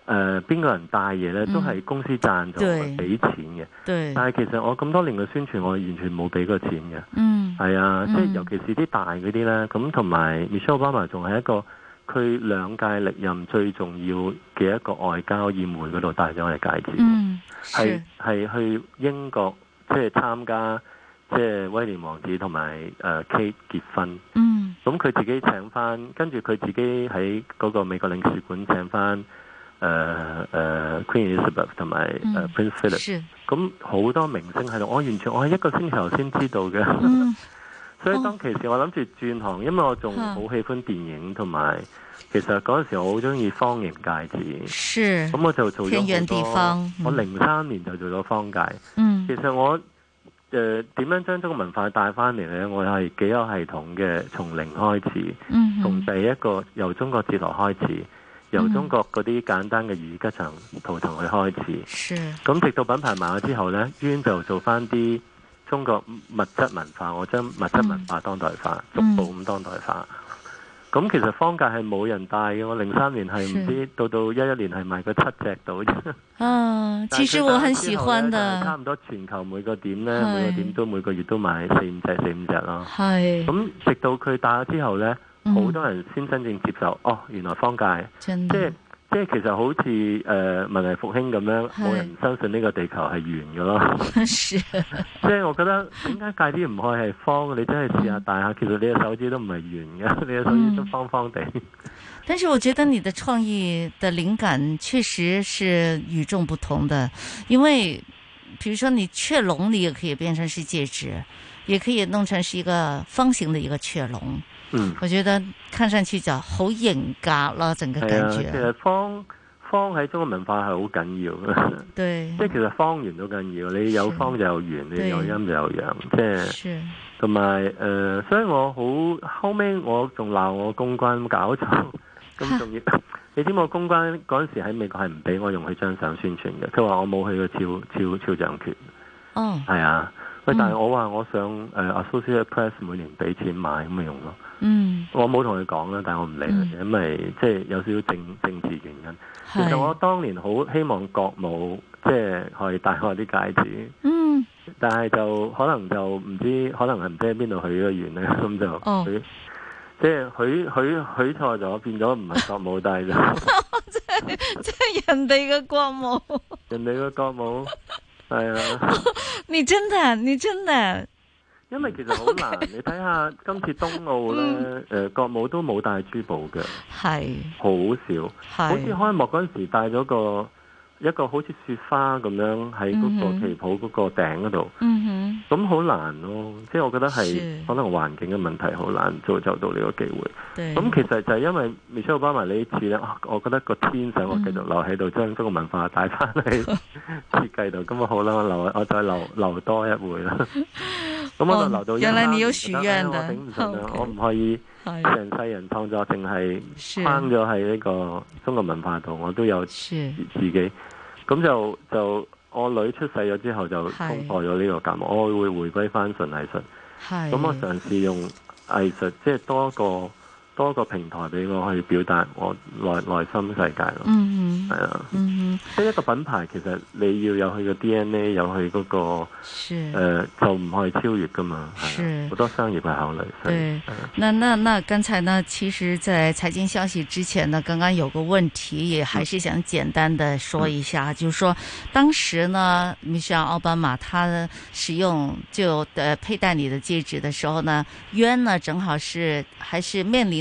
呃、邊個人戴嘢呢？都係公司贊助俾錢嘅。對但係其實我咁多年嘅宣傳，我完全冇俾過錢嘅。嗯，係啊，即係、嗯、尤其是啲大嗰啲呢。咁同埋 Michelle Obama 仲係一個佢兩屆歷任最重要嘅一個外交宴會嗰度戴咗我嘅戒指。嗯，係係去英國。即係參加，即係威廉王子同埋、呃、Kate 結婚。嗯，咁佢自己請翻，跟住佢自己喺嗰個美國領事館請翻、呃呃、Queen Elizabeth 同埋、呃、Prince Philip、嗯。咁好多明星喺度，我、哦、完全我係、哦、一個星期頭先知道嘅。嗯、 所以當其時我諗住轉行，因為我仲好喜歡電影同埋。其實嗰陣時候我好中意方形戒指，咁是我就做咗好多。天圓地方嗯、我零三年就做咗方戒。嗯、其實我誒點、呃、樣將中國文化帶翻嚟呢？我係幾有系統嘅，從零開始，嗯、哼從第一個由中國哲學開始，由中國嗰啲簡單嘅魚吉祥圖騰去開始。咁、嗯、直到品牌買咗之後呢淵就做翻啲中國物質文化，我將物質文化當代化，嗯、逐步咁當代化。嗯咁其實方介係冇人帶嘅，我零三年係唔知，是到到一一年係賣過七隻到啫。啊，其實我很喜歡的。差唔多全球每個點呢，是每個點都每個月都買四五隻，四五隻咯。係是。咁直到佢打咗之後呢，好多人先真正接受。嗯、哼哦，原來方介，即係的。就是即係其實好似誒、呃、文明復興咁樣，冇是人相信呢個地球係圓嘅咯。係 是，即係我覺得點解介啲唔可以係方？你真係試下戴下，嗯、其實你嘅手指都唔係圓嘅，你嘅手指都方方地、嗯。但是，我覺得你的創意嘅靈感確實是與眾不同的，因為，譬如說，你雀籠你也可以變成是戒指，也可以弄成是一個方形嘅一個雀籠。嗯，我覺得看上去就好型格咯，整個感覺。啊、其實方方喺中國文化係好緊要嘅。 對，即係其實方圓都緊要。你有方就有圓，是你有陰就有陽，對即係。是。同埋誒，所以我好後尾我仲鬧我公關搞錯咁重要。你知唔知我公關嗰陣時喺美國係唔俾我用佢張相宣傳嘅，佢話我冇去過肖肖肖像權。哦。係啊，喂、嗯，但係我話我想誒、呃、，associate press 每年俾錢買咁咪用咯。嗯，我冇同佢講啦，但係我唔理佢。因為即係有少少政政治原因。是其實我當年好希望國母即係可以戴開啲戒指，嗯，但係就可能就唔知，可能係唔知喺邊度許咗願咧，咁就、哦、即係許許許錯咗，變咗唔係國母戴咗，即係即係人哋嘅國母，人哋嘅國母係啊，你真的，你真的。因為其實好難，Okay. 你睇下今次東澳冬奧咧，國母都冇帶珠寶嘅，係是好少，是好似開幕嗰陣時帶咗個一個好似雪花咁樣喺嗰個旗袍嗰個頂嗰度，咁好、嗯、哼難咯、哦。即係我覺得係可能環境嘅問題，好難做就到呢個機會。咁是其實就係因為 Michelle Obama 呢次咧，我覺得個天想我繼續留喺度，嗯、哼將中國文化帶翻去 設計度。咁啊好啦，我留我再留留多一會啦。 咁、哦嗯、我就留到依家，得、哎、我頂唔順啦，okay, 我唔可以成世 okay, 是人，人創作，淨係崩咗喺呢個中國文化度，我都有自己。咁是就就我女出世咗之後就通過，就衝破咗呢個隔膜，我會回歸翻純藝術。咁是我嘗試用藝術，即、就、係、是、多一個。多個平台俾我去表達我內內心世界咯，係、嗯、哼啊，即係一個品牌其實你要有佢嘅 DNA，有佢嗰、那個，誒是、呃、就唔可以超越噶嘛，好是、啊、多商業嘅考慮。是以對，那那、啊、那，剛才呢，其實在財經消息之前呢，剛剛有個問題，也還是想簡單的說一下，嗯、就是說當時呢，你像奧巴馬他使用就呃佩戴你的戒指的時候呢，冤呢正好是還是面臨。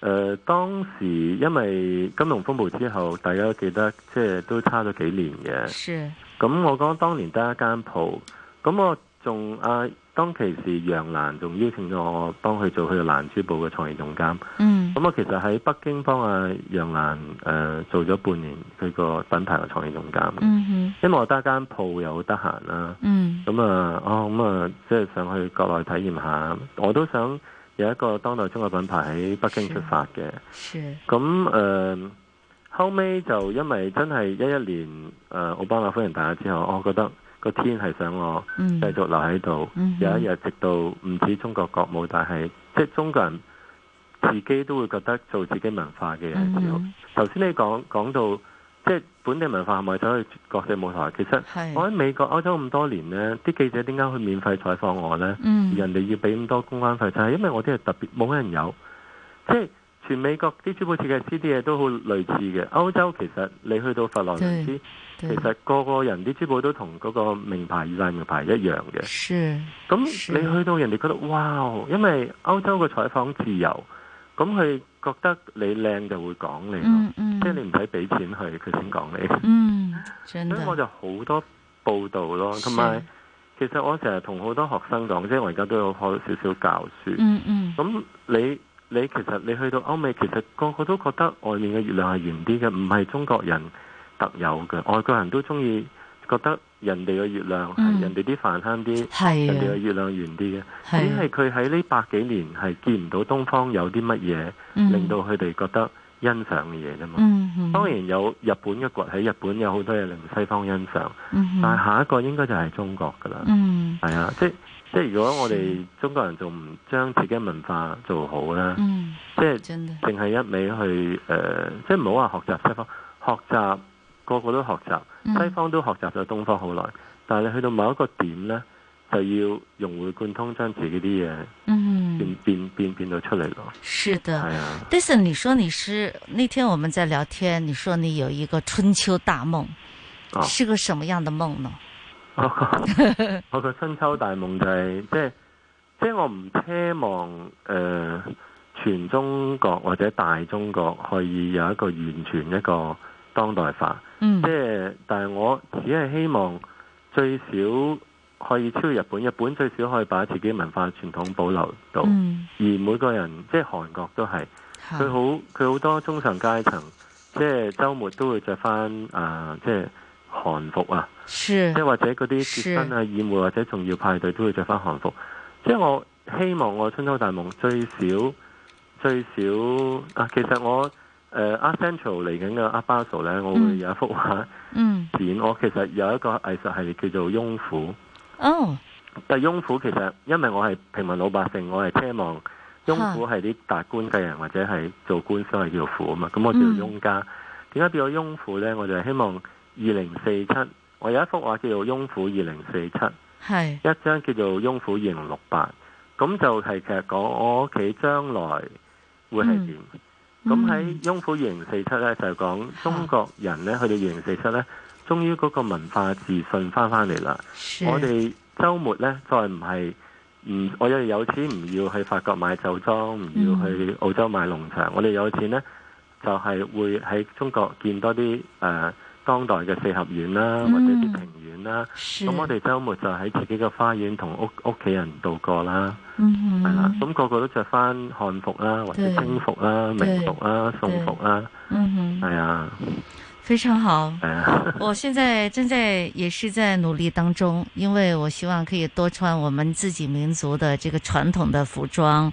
誒、呃、當時因為金融風暴之後，大家都記得，即係都差咗幾年嘅。咁是我講當年得一間鋪，咁我仲阿、啊、當其時楊蘭仲邀請咗我幫佢做佢個蘭珠寶嘅創意總監。嗯。咁我其實喺北京幫阿、啊、楊蘭誒、呃、做咗半年佢個品牌嘅創意總監。嗯哼。因為我得一間鋪又得閒啦。嗯。咁啊，哦咁啊，即係想去國內體驗下，我都想。有一個當代中國品牌喺北京出發嘅，咁誒、呃、後尾就因為真係一一年誒呃、奧巴馬歡迎大家之後，我覺得個天係想我繼續留喺度，嗯嗯、有一日直到唔止中國國母，但係即係中國人自己都會覺得做自己文化嘅人。頭先、嗯、哼你講講到即係。就是本地文化係咪走去國際舞台？其實我喺美國、歐洲咁多年呢，啲記者點解去免費採訪我呢？Mm. 人哋要俾咁多公關費，就係因為我啲係特別，冇人有。即係全美國啲珠寶設計師啲嘢都好類似嘅。歐洲其實你去到佛羅倫斯，其實個個人啲珠寶都同嗰個名牌、意大名牌一樣嘅。咁是你去到人哋覺得哇，因為歐洲嘅採訪自由。咁佢覺得你靚就會講你咯，即係你唔使俾錢佢，佢先講你。嗯，嗯，所以我就好多報道咯，同埋其實我成日同好多學生講，即係我而家都有開少少教書。嗯嗯。咁、嗯、你你其實你去到歐美，其實個個都覺得外面嘅月亮係圓啲嘅，唔係中國人特有嘅，外國人都中意。覺得人哋嘅月亮係、嗯，人哋啲飯香啲，的人哋嘅月亮圓啲嘅，的只係佢喺呢百幾年係見唔到東方有啲乜嘢，嗯、令到佢哋覺得欣賞嘅嘢啫嘛。嗯嗯、當然有日本嘅國喺日本有好多嘢令西，西方欣賞，嗯嗯、但係下一個應該就係中國㗎喇。係啊、嗯，即即如果我哋中國人仲唔將自己嘅文化做好啦、嗯呃，即淨係一味去誒，即唔好話學習西方，學習。個個都學習，西方都學習咗、嗯、東方好耐，但係你去到某一個點呢，就要融會貫通將自己啲嘢變、嗯、變變變到出嚟咯。是的，係啊、哎呀。Dickson 你說你是那天我們在聊天，你說你有一個春秋大夢，哦、啊，是個什麼樣的夢呢？ 我個春秋大夢就係即即我唔奢望誒、呃、全中國或者大中國可以有一個完全一個。當代化，即係但係我只係希望最少可以超越日本。日本最少可以把自己文化傳統保留到，嗯、而每個人即係韓國都係，佢是好佢好多中上階層，即係週末都會着翻啊，即係韓服啊，是即係或者嗰啲結婚啊、宴會是或者重要派對都會着翻韓服。即係我希望我春秋大夢最少最少啊，其實我。誒，阿、uh, Central 嚟緊嘅阿 Barzel 咧，嗯、我會有一幅畫，片、嗯、我其實有一個藝術系列叫做翁府」。哦。但係翁府」其實，因為我係平民老百姓，我係奢望翁府」係啲達官嘅人或者係做官商係叫府啊嘛。咁我叫翁家。點解、嗯、叫我翁府」咧？我就希望二零四七，我有一幅畫叫做翁府是」二零四七，係一張叫做翁府」二零六八。咁就係其實講我屋企將來會係點？嗯咁喺擁虎2047咧，就係講中國人咧，佢哋2047咧，終於嗰個文化自信翻返嚟啦。我哋週末咧，再唔係唔，我哋有錢唔要去法國買酒莊，唔要去澳洲買農場，我哋有錢咧就係、是、會喺中國見多啲誒當代嘅四合院啦，或者啲庭院啦，咁、嗯、我哋周末就喺自己嘅花園同屋屋企人度過啦，係啦、嗯哼，咁、那個個都着返漢服啦，或者清服啦、明對服啦、宋對服啦，係啊、嗯哼，的非常好。係啊的，我現在正在也是在努力當中，因為我希望可以多穿我們自己民族的這個傳統的服裝。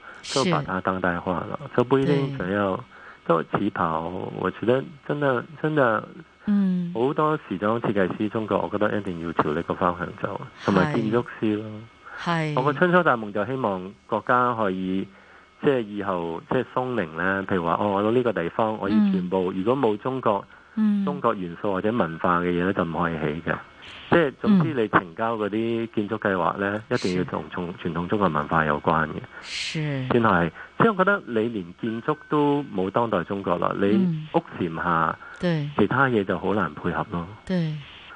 都把它當代化啦，就不一定想要似旗。我覺得真係真係，嗯，好多時裝設計師，中國我覺得一定要朝呢個方向走，同埋建築師咯。係是我個春秋大夢就希望國家可以，即、就、係、是、以後即係、就是、松靈咧。譬如話哦，我到呢個地方我要全部，嗯、如果冇中國，嗯、中國元素或者文化嘅嘢咧，就唔可以起嘅。即係，總之你成交嗰啲建築計劃咧，嗯、一定要同從傳統中國文化有關嘅，先係是。即係我覺得你連建築都冇當代中國啦，嗯、你屋檐下，對其他嘢就好難配合咯。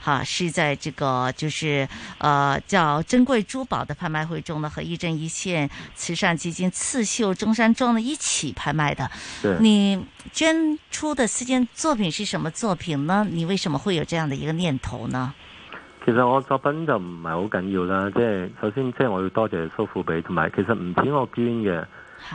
哈，是在這個就是呃叫珍貴珠寶的拍賣會中呢，和一針一線慈善基金刺繡中山裝呢一起拍賣的。對，你捐出的四件作品是什麼作品呢？你為什麼會有這樣的一個念頭呢？其實我作品就唔係好緊要啦，即係首先即係我要多謝蘇富比，同埋其實唔止我捐嘅。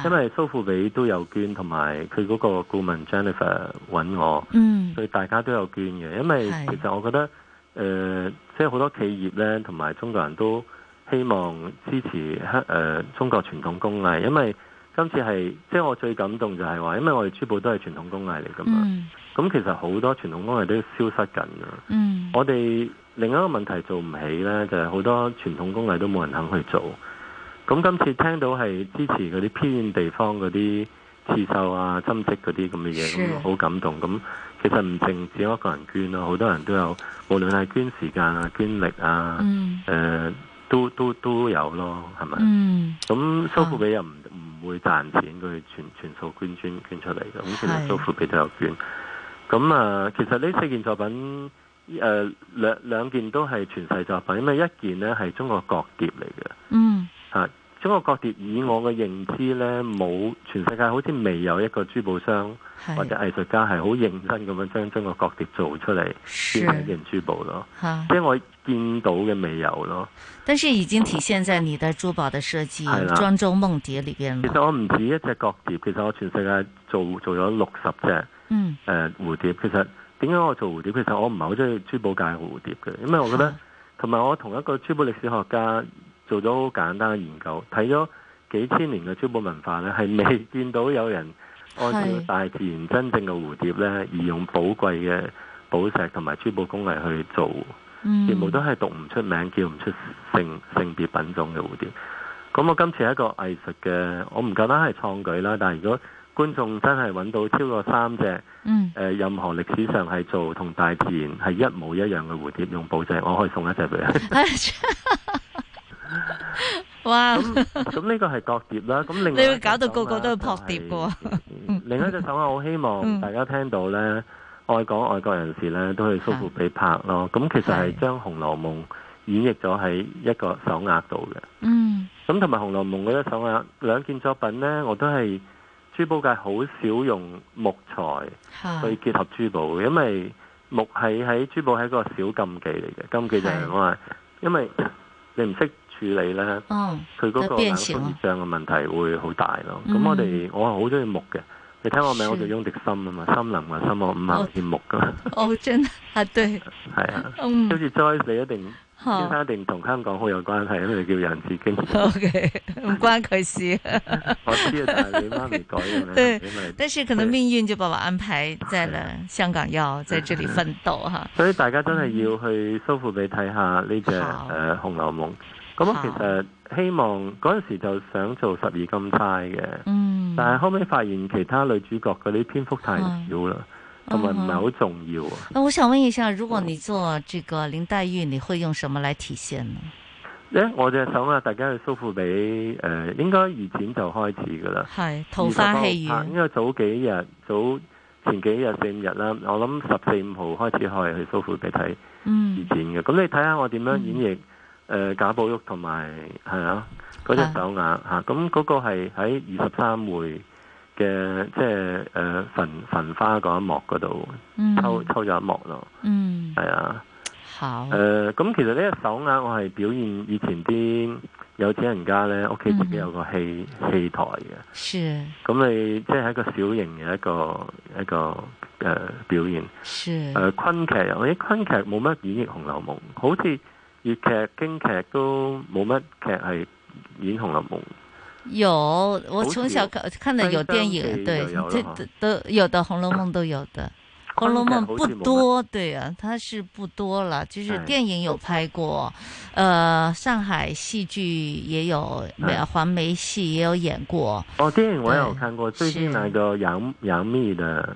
因為蘇富比都有捐，同埋佢嗰個顧問 Jennifer 揾我，嗯、所以大家都有捐嘅。因為其實我覺得，誒、呃，即係好多企業咧，同埋中國人都希望支持、呃、中國傳統工藝，因為今次係即係我最感動就係話，因為我哋珠寶都係傳統工藝嚟㗎嘛。咁、嗯、其實好多傳統工藝都消失緊、嗯、我哋另一個問題做唔起咧，就係、係、好多傳統工藝都冇人肯去做。咁今次聽到係支持嗰啲偏遠地方嗰啲刺繡啊、針織嗰啲咁嘅嘢，好是感動。咁其實唔淨止我一個人捐咯，好多人都有，無論係捐時間啊、捐力啊，嗯呃、都都都有咯，係咪？嗯。咁蘇富比又唔唔會賺錢，佢全全數捐捐出嚟嘅。咁其實蘇富比都有捐。咁是啊，其實呢四件作品，呃、兩,兩件都係全世作品，因為一件呢係中國國蝶嚟嘅。嗯。啊整個國蝶以我嘅認知呢，冇全世界好似未有一個珠寶商是或者藝術家係好認真咁樣將將個國蝶做出嚟，做成一件珠寶咯。啊、即係我見到嘅未有咯。但是已經體現在你的珠寶嘅設計，莊周夢蝶一樣。其實我唔止一隻國蝶，其實我全世界做做咗六十隻。嗯。蝴、呃、蝶其實點解我做蝴蝶？其實我唔係好中意珠寶界嘅蝴蝶嘅，因為我覺得同埋、啊、我同一個珠寶歷史學家。做咗好簡單嘅研究，睇咗幾千年嘅珠寶文化，呢係未見到有人按照大自然真正嘅蝴蝶呢而用寶貴嘅寶石同埋珠寶工藝去做，全部都係讀唔出名、叫唔出性性別品種嘅蝴蝶。咁我今次係一個藝術嘅，我唔夠膽係創舉啦。但如果觀眾真係揾到超過三隻，嗯呃、任何歷史上係做同大自然係一模一樣嘅蝴蝶，用寶石，我可以送一隻俾你。 哇！咁呢個係角碟啦。咁另外你會搞到個個都去撲碟噶？另一隻手，我好希望大家聽到呢，愛港愛國人士呢都可以舒服被拍咯。咁其實係將《紅樓夢》演繹咗喺一個手鐲度嘅。嗯。咁同埋《紅樓夢》嗰隻手鐲，兩件作品呢我都係珠寶界好少用木材去結合珠寶，因為木係喺珠寶係一個小禁忌嚟嘅禁忌就係我話，因為你唔識。處理咧，佢嗰個冷縮熱漲嘅問題會好大咯。咁我哋我係好中意木嘅，你聽我名我叫翁狄森啊嘛，森林啊森木五行字木噶嘛。哦，真啊，對，係啊，好似 Joyce 你一定先生一定同香港好有關係，因為叫楊子矜。O K，唔關佢事。我知啊，但你媽咪改㗎咧，但是可能命運就把我安排在了香港要，在這裡奮鬥嚇。所以大家真係要去蘇富比睇下呢隻誒《紅樓夢》。咁啊，我其實希望嗰陣好時就想做十二金釵嘅，嗯、但係後尾發現其他女主角嗰啲篇幅太少啦，同埋唔係好重要啊、嗯。我想問一下，如果你做呢個林黛玉，你會用什麼來體現呢？我哋手啊，大家去蘇富比誒、呃，應該預展就開始噶啦。係《桃花戲院》，因為早幾日、早前幾日、四五日啦，我諗十四五號開始可以去蘇富比睇預展嘅。咁、嗯、你睇下我點樣演繹？嗯誒，賈寶、呃、玉同埋係啊，嗰隻手鐲嚇，咁嗰、啊啊那個係喺二十三回嘅，即係誒焚焚花嗰一幕嗰度抽偷咗、嗯、一幕咯。嗯，係啊，好咁、呃、其實呢隻手鐲我係表現以前啲有錢人家咧屋企自己有個戲、嗯、戲台嘅。咁是你即係、就是、一個小型嘅一個一個誒、呃、表現。是、呃。昆劇，我啲昆劇冇乜演繹《紅樓夢》，好似。粵劇、京劇都冇乜劇係演《紅樓夢》。有，我從小看，看到有電影，對，這都有的《紅樓夢》都有的，《紅樓夢》不多，對啊，它是不多了，就是電影有拍過，呃，上海戲劇也有，梅黃梅戲也有演過。哦，電影我有看過，最近那個楊楊冪的。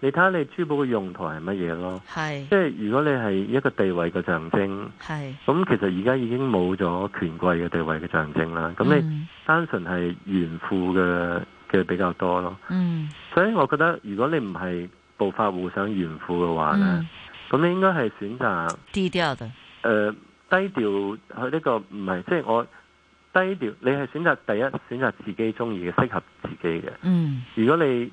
你睇下你珠寶嘅用途係乜嘢咯？係是即係如果你係一個地位嘅象徵，係咁是其實而家已經冇咗權貴嘅地位嘅象徵啦。咁、嗯、你單純係炫富嘅嘅比較多咯。嗯，所以我覺得如果你唔係暴發戶想炫富嘅話咧，咁、嗯、你應該係選擇低調嘅。誒、呃，低調佢呢個唔係即係我低調，你係選擇第一選擇自己中意嘅，適合自己嘅。嗯，如果你。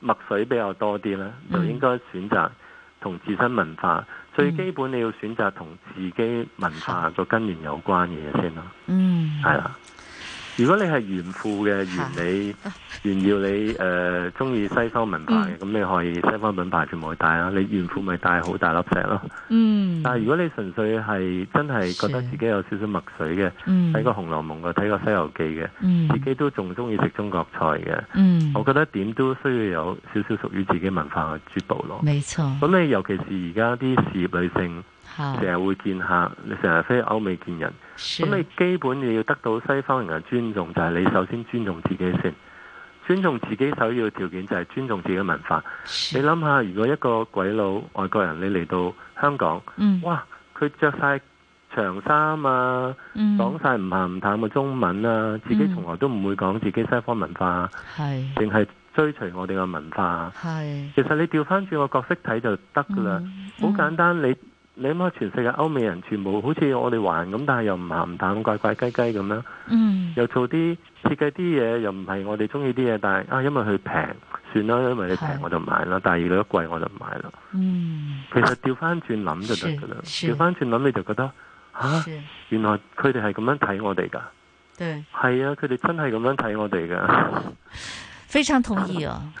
墨水比較多啲咧，就應該選擇同自身文化，最基本你要選擇同自己文化個根源有關嘅嘢先咯，係啦、嗯。是如果你係炫富嘅，原理，炫耀 你誒中意西方文化嘅，咁、嗯、你可以西方品牌全部去帶啦。你炫富咪帶好大粒石咯。嗯。但係如果你純粹係真係覺得自己有少少墨水嘅，睇、嗯、過紅羅《紅樓夢》嘅，睇過《西遊記》嘅、嗯，自己都仲中意食中國菜嘅。嗯。我覺得點都需要有少少屬於自己文化嘅珠寶咯。冇錯。咁你尤其是而家啲事業女性，成日是會見客，你成日飛歐美見人。咁你基本你要得到西方人嘅尊重，就係、是、你首先尊重自己先。尊重自己首要條件就係尊重自己嘅文化。你諗下，如果一個鬼佬外國人你嚟到香港，嗯、哇，佢着晒長衫啊，講晒唔鹹唔淡嘅中文啊，自己從來都唔會講自己西方文化、啊，淨係、嗯、追隨我哋嘅文化、啊。是其實你調翻轉個角色睇就得噶啦，好、嗯嗯、簡單你。你諗下，全世界歐美人全部好似我哋玩咁，但係又唔咸唔淡，怪怪雞雞咁樣。嗯。又做啲設計啲嘢，又唔係我哋中意啲嘢，但係啊，因為佢平，算啦，因為你平我就買啦。是但係如果貴我就唔買啦。嗯。其實調翻轉諗就得噶啦。是。調翻轉諗你就覺得，吓、啊，是原來佢哋係咁樣睇我哋噶。對。係啊，佢哋真係咁樣睇我哋噶。 非常同意啊、哦。